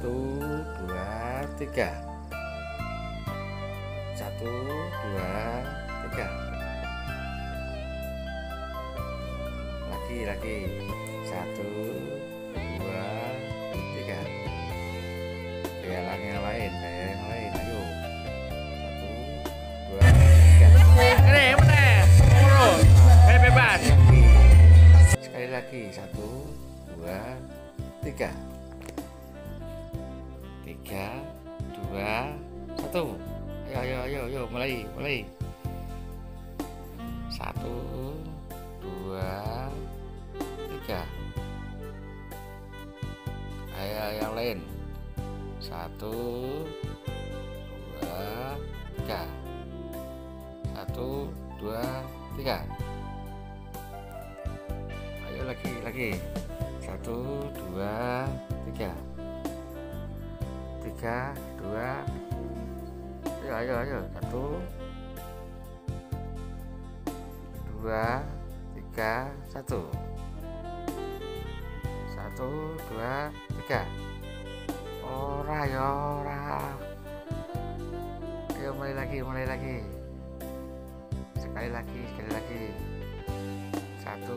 satu dua tiga satu dua tiga lagi lagi satu dua tiga kayak yang lain kayak nah, yang lain ayo satu dua tiga ini mana urut saya bebas sekali lagi satu dua tiga tiga dua satu ayo ayo ayo ayo mulai mulai satu dua tiga ayo yang lain satu dua tiga satu dua tiga ayo lagi lagi satu dua tiga tiga dua ayo ayo ayo satu dua tiga satu satu dua tiga ora ya ora ayo mulai lagi mulai lagi sekali lagi sekali lagi satu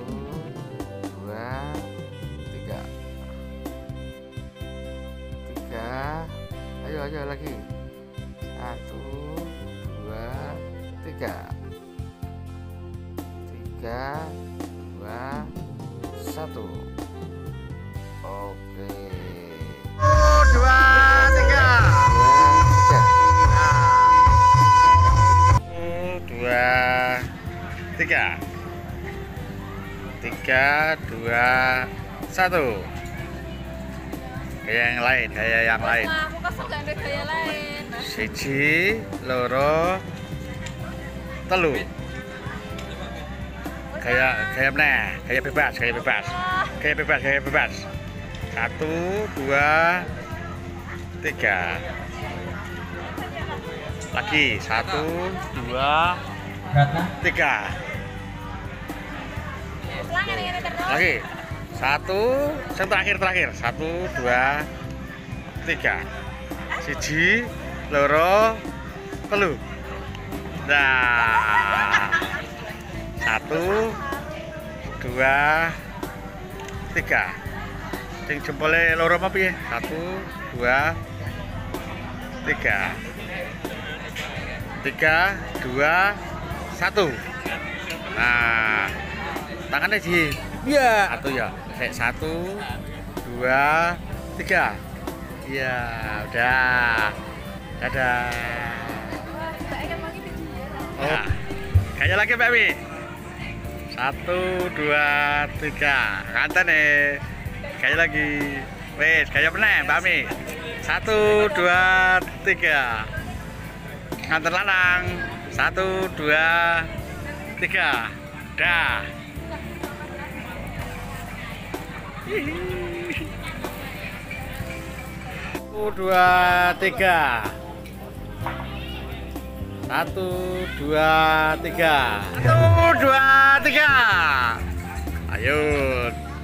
tiga lagi satu dua tiga tiga dua satu oke dua tiga dua tiga tiga dua satu Kayak yang lain, kayak yang lain. Aku kesel lain. Siji, loro, telu. Kayak kayak mana? Kayak bebas, kayak bebas. Kayak bebas, kayak bebas. Satu, dua, tiga. Lagi satu, dua, tiga. Lagi satu yang terakhir terakhir satu dua tiga siji loro telu nah satu dua tiga sing jempolnya loro apa ya satu dua tiga tiga dua satu nah tangannya sih Iya. Satu ya. Kayak satu, dua, tiga. Iya, udah. ada Oh, ya. kayaknya lagi Pak Wi. Satu, dua, tiga. Kanten nih. Kayaknya lagi. Wes, kayak pernah Pak Mi. Satu, dua, tiga. Nganter lanang. Satu, dua, tiga. Dah satu dua tiga satu dua tiga satu dua tiga ayo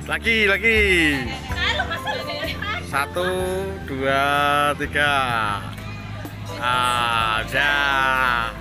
lagi lagi satu dua tiga ada